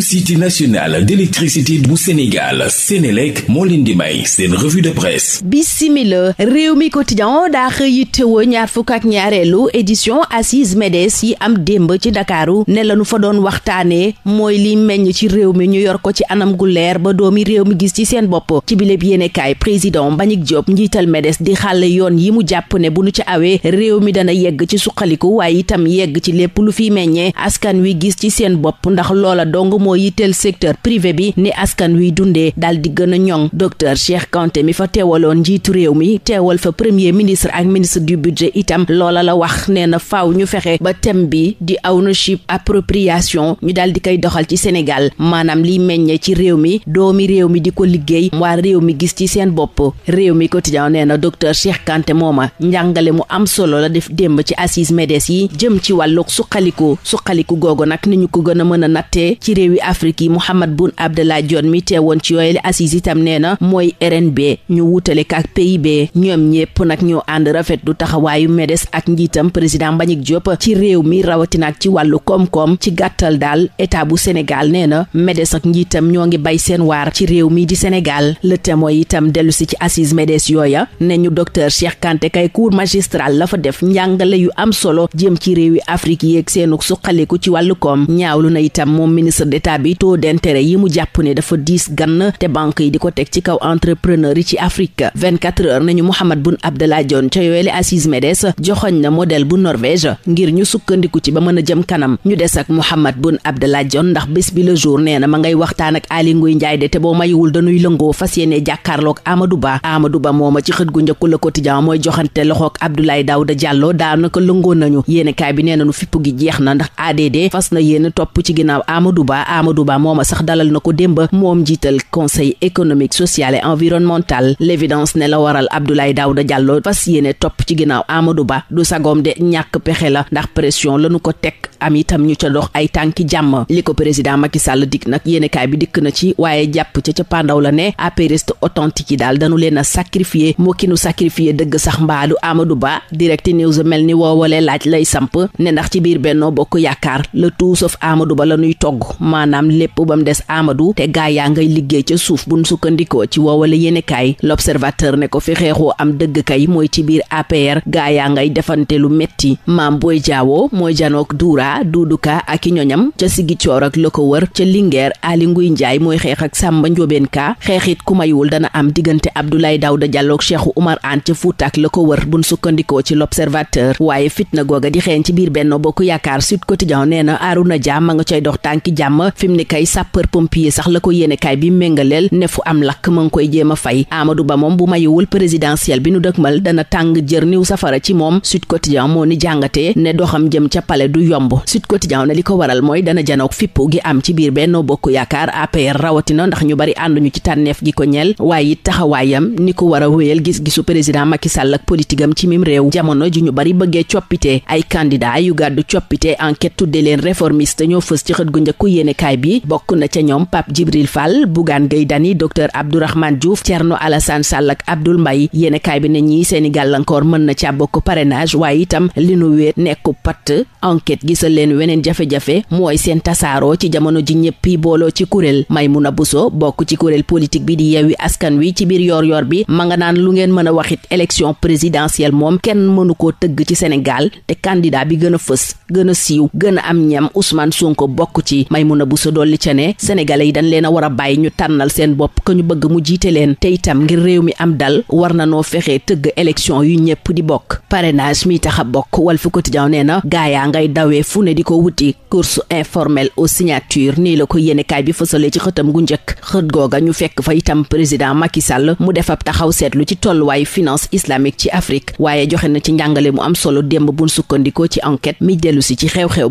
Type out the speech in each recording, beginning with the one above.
société nationale d'électricité bu Sénégal Sénélec moo leen di may seen revue de presse réew mi quotidien daa xëy yittewoo ñaar fukk ak ñaareelu édition assise MEDES yi am démb ci Ndakaaru ne lañu fa doon waxtaanee mooy li meññ ci réew mi ñu yor ko ci anam gu leer ba doomi réew mi gis ci seen bopp ci biléb yéenekaay président Mbagnick Diop njiital MEDES di xàll yoon yi mu jàpp ne bu nu ci awee réew mi dana yegg ci suqaliku waaye itam yegg ci lépp lu fiy meññee askan wi gis ci seen bopp ndax loola dong moo yitteel secteur privé bi ni askan wiy dundee daal di gën a ñoŋ docteur Cheikh Kanté mi fa teewaloon njiitu réew mi teewal fa premier ministre ak ministre du budget itam loola la wax nee na faaw ñu fexe ba thème bi di aw na ownership appropriation ñu daal di koy doxal ci Sénégal maanaam liy meññe ci réew mi doomi réew mi di ko liggéey waa réew mi gis ci seen bopp réew mi quotidien nee na docteur Cheikh Kanté mooma njàngale mu am solo la def démb ci assise MEDES réewi Afrique yi Mouhamed Boun Abdallah Dionne mi teewoon ci yooyale assise itam nee na mooy RNB ñu wutale ak PIB ñoom ñépp nag ñoo ànd rafet du taxawaayu MEDES ak njiitam président Mbagnick joppa ci réew mi rawatina ci wàllu koom-koom ci gàttal daal état bu Sénégal nee na MEDES ak njiitam ñoo ngi bay seen waar ci réew mi di Sénégal le témoin itam dellu si ci assise MEDES yooya ne ñu docteur Cheikh Kanté kay cours magistral la fa def njàngale yu am solo jëm ci d'état bi taux yi mu jàpp ne dafa diis gann te banque yi di ko teg ci kaw entrepreneur yi ci Afrique 24 heures nañu Mohamed Boun Abdallah Dionne ca yooyele MEDES joxoñ na modèle bu Norvège ngir ñu sukkandiku ci ba mën a jëm kanam ñu des ak Mohamed Boun Abdallah Dionne ndax bés bi le jour nee ma ngay waxtaan ak Aly Ngouille Ndiaye de te boo mayiwul dañuy lëngoo fas yéene jàkkaarloog Amadou Ba Amadou Ba mooma ci xët gu njëkku Le Quotidien mooy joxante loxoog Abdoulaye Amadou moom mooma sax dalal na ko démba moom jiital conseil économique social et environnemental l'évidence ne la waral Abdoulaye Daouda Diallo fas yéene topp ci ginnaaw Amadou Ba du sagoom de ñàkk pexe la ndax pression lañu ko teg am itam ñu ca dox ay tànki jàmm li ko président Macky Sall dikk nag yéenekaay bi dikk na ci waaye jàpp ca ca pandaw la ne apériste authentique yi daal danu leen a sacrifié moo ki dëgg sax mbaadu Amadou Ba direct news mel ni woowalee laaj lay samp ne ndax ci biir Benno Bokk Yaakaar le tout sauf Amadou Ba la togg maanaam lépp ba mu des Amadou te gaa yaa ngay liggéey ca suuf buñ sukkandikoo ci woowale yéenekaay l'observateur ne ko fi xeexoo am dëgg mooy ci biir APR gaa yaa ngay defante lu metti maam booy jaawoo mooy janook duura duuduka ak i ñoñam ca sigi coor ak la ko wër ca Linguère Aly Ngouille Ndiaye mooy xeex ak Samba Ndiobène Ka xeexit ku mayul dana am diggante Abdoulaye Daouda Diallo ak Cheikh Oumar Anne ca Fouta ak la ko wër buñ sukkandikoo ci l'observateur waaye fitna googa di xeeñ ci biir Benno Bokk Yaakaar Sud Quotidien nee na Arouna Dia ma nga cay dox tànki jàmm ma fi mu ne kay sapeur pompier sax la ko yéenekaay bi méngaleel ne fu am lakk ma ngi koy jéem a fay Amadou Ba moom bu mayuwul présidentiel bi nu dëkkmal dana tàng jër niw safara ci moom Sud Quotidien moo ni jàngatee ne doxam jëm ca palais du yomb Sud Quotidien li ko waral mooy dana janook fippu gi am ci biir Benno Bokk Yaakaar APR rawatina ndax ñu bari ànduñu ci tànneef gi ko ñeel waaye it taxawaayam ni ko war a wéyal gis-gisu président Macky Sall ak politique am ci mim réew jamono ji ñu bari bëggee coppite ay candidat yu gàddu coppite enquête yéenekaay bi bokk na ca ñoom Pape Djibril Fall Bougane Gueye Dany docteur Abdourahmane Diouf Thierno Alassane Sall ak Abdoul mbay yéenekaay bi ne ñii seeni gàllankoor mën na ca bokk parrainage waaye itam li nu wéet nekku patt enquête gisal leen weneen jafe-jafe mooy seen tasaaroo ci jamono ji ñëpp yi booloo ci kuréel may Maimouna Bousso bokk ci kuréel politique bi di Yewwi Askan Wi ci biir yor yoor bi ma nga naan lu ngeen mën a waxit élection présidentielle moom kenn mënu koo tëgg ci Sénégal te candidat bi gën a fës gën a siiw gën a am ñam bokk Bousso dolli ca ne sénégalais yi dañ leen a bàyyi ñu tànnal seen bopp que ñu bëgg mu jiite leen te itam ngir réew mi am dal war na noo fexe tëgg élection yu ñëpp di bokk parrainage mi tax a bokk ko Quotidien nee na gaayaa ngay dawee fu ne di ko wuti course informelle au signatures nii la ko yéenekaay bi fësale ci xëtam gu njëkk xët googa ñu fekk fa itam président Macky Sall mu def taxaw seetlu ci tolluwaayu finance islamique ci Afrique waaye joxe ci njàngale mu am solo démb buñ sukkandikoo ci enquête mi dellu si ci xew-xew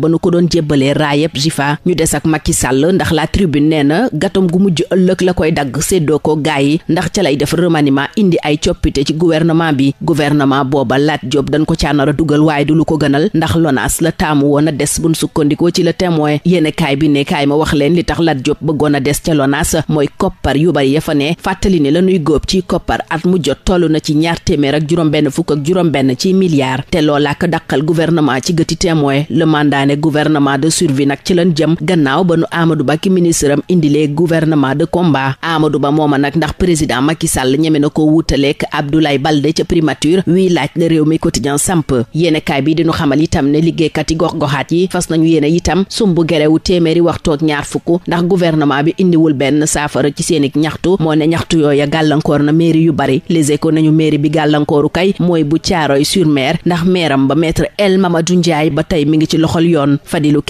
ci Sall ndax la tribune nee na gàttam gu mujj ëllëg la koy dagg séddoo ko gaay yi ndax ca lay def remaniement indi ay coppite ci gouvernement bi gouvernement booba Lat Diop dañ ko caanar a dugal waaye du lu ko gënal ndax lonaas la taamu woon des buñ sukkandikoo ci le témoin yéene bi nekkaay ma wax leen li tax Lat Diop bëggoon a des ca lonaas mooy koppar yu bari ya fa ne fàttali ne la ñuy góob ci koppar at mu jot toll na ci ñaar téeméer ak juróom-benn fukk ak juróom-benn ci milliards te loolaa ko dàqal gouvernement ci gëti témoin le mandat ne gouvernement de survie nag ci lan jëm gannaaw ba nu Amadou Ba ki ministre am indilee gouvernement de combat Amadou Ba mooma nag ndax président Macky Sall ñeme na ko wuutaleek Abdoulaye Balde ca primature wii laaj la réew mi quotidien samp yéene kaay bi dinu xamal tam ne liggéeykat yi gox-goxaat yi fas nañu yéene itam sumbu gerewu téeméeri waxtoog ñaar fukk ndax gouvernement bi indiwul benn saafara ci seen i ñaxtu moo ne ñaxtu yooya gàllankoor na mairie yu bari les échos nañu mairie bi gàllankooru kay mooy bu caaroy sur mer ndax meeram ba maître El Mamadou ba tey mi ngi ci loxol yoon Fadilou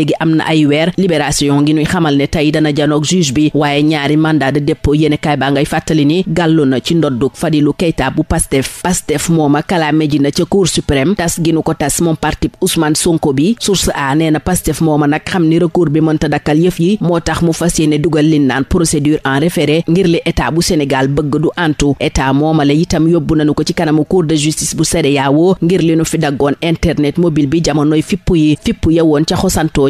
léegi am na ay weer libération ngi ñuy xamal ne tey dana janoog juge bi waaye ñaari mandat de dépôt yéene baa ngay fàttali ni gàllu na ci ndoddug Fadilou Keita bu pastef pastef mooma kalaame ji na ca cour suprême tas gi nu ko tas moom parti Ousmane a mooma nag xam ni recours bi mënta dakkal yëf yi moo tax mu fas yéene dugal li naan procédure en référé ngir li état bu Sénégal bëgg du antu état mooma la itam yóbbu nañu ko ci kanamu cour de justice bu CEDEAO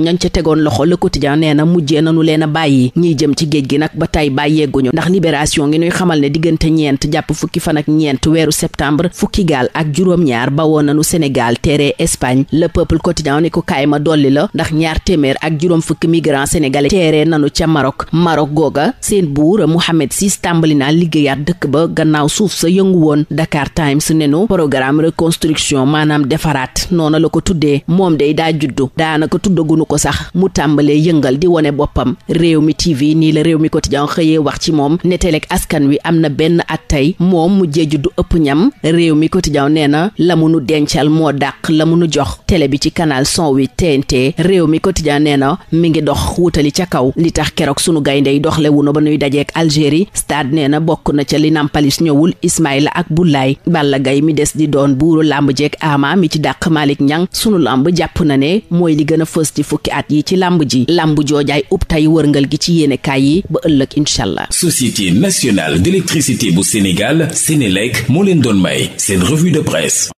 ñañ ca tegoon loxo le quotidien nee na mujjee nanu leen a bàyyi ñuy jëm ci géej gi nag ba tey bàyyeeguñu ndax libération ngi ñuy xamal ne diggante ñeent jàpp fukki fan ak ñeent weeru septembre fukki gaal ak juróom-ñaar bawoon nanu Sénégal teere Espagne le peuple quotidien ni ko kaay ma dolli la ndax ñaar téeméer ak juróom fukki migrants sénégalais teere nanu ca Maroc Maroc googa seen buur Mohamed VI tàmbali naa liggéeyaat dëkk ba gannaa suuf sa yëngu woon Dakar Times nenu programme reconstruction maanaam defaraat noona la ko tuddee moom day daa juddu ko sax mu tàmbalee yëngal di wone boppam réew mi tv nii la réew mi quotidien xëyee wax ci moom ne Télé askan wi am na benn at tey moom mu jeeju du ëpp ñam réew mi quotidien nee na la mu nu dencal moo dàq la mu jox tele bi ci kanaal canal 108 teente réew mi quotidien nee na mi ngi dox wutali ca kaw li tax keroog sunu gaynde gayndey doxle wuno ba nuy dajeek Algérie stade nee na bokk na ca li nampalis ñëwul la ak Boulaye Balla Gaye mi des di doon buuru làmb fukki at yi ci làmb ji làmb joojaay ub tay wërngal gi ci yéenekaay yi ba ëllëg incha allah société nationale d'électricité bu Sénégal Sénélec moo leen doon may seen revue de presse